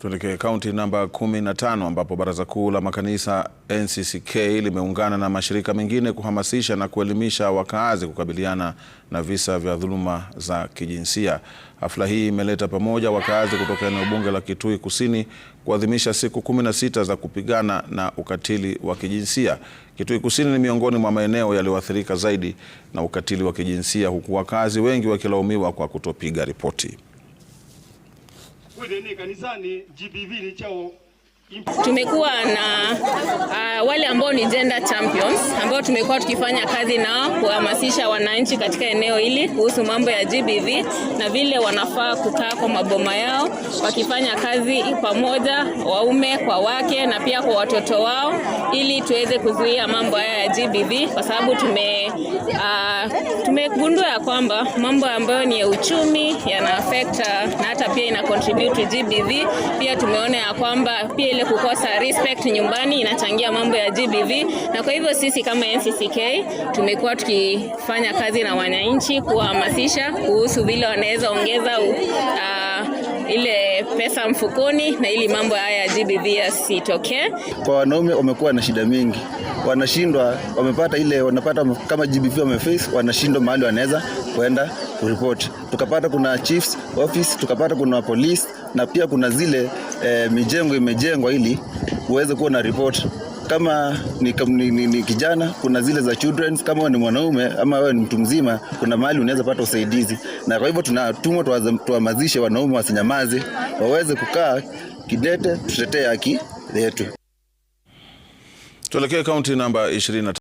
Tuelekee kaunti namba 15 ambapo Baraza Kuu la Makanisa NCCK limeungana na mashirika mengine kuhamasisha na kuelimisha wakaazi kukabiliana na visa vya dhuluma za kijinsia. Hafla hii imeleta pamoja wakaazi kutoka eneo bunge la Kitui Kusini kuadhimisha siku 16 za kupigana na ukatili wa kijinsia. Kitui Kusini ni miongoni mwa maeneo yaliyoathirika zaidi na ukatili wa kijinsia huku wakaazi wengi wakilaumiwa kwa kutopiga ripoti kanisani. GBV ni chao. Tumekuwa na wale ambao ni gender champions ambao tumekuwa tukifanya kazi nao kuhamasisha wananchi katika eneo hili kuhusu mambo ya GBV na vile wanafaa kukaa kwa maboma yao wakifanya kazi pamoja, waume kwa wake na pia kwa watoto wao, ili tuweze kuzuia mambo haya ya GBV, kwa sababu tume uh, tumegundua ya kwamba mambo ambayo ni ya uchumi yana affect ah, na hata pia ina contribute GBV. Pia tumeona ya kwamba pia ile kukosa respect nyumbani inachangia mambo ya GBV, na kwa hivyo sisi kama NCCK tumekuwa tukifanya kazi na wananchi kuwahamasisha kuhusu vile wanaweza ongeza uh, ile pesa mfukoni na ili mambo haya ya GBV yasitokee. Kwa wanaume wamekuwa na shida mingi, wanashindwa wamepata ile wanapata kama GBV wameface, wanashindwa mahali wanaweza kwenda kuripoti. Tukapata kuna chiefs office, tukapata kuna polisi na pia kuna zile e, mijengo imejengwa ili uweze kuwa na report kama ni, ni, ni, ni kijana kuna zile za children, Kama ni mwanaume ama wewe ni mtu mzima, kuna mahali unaweza pata usaidizi, na kwa hivyo tunatumwa tuwamazishe wanaume wasinyamaze, waweze kukaa kidete, tutetee haki yetu. Tuelekee kaunti namba 23.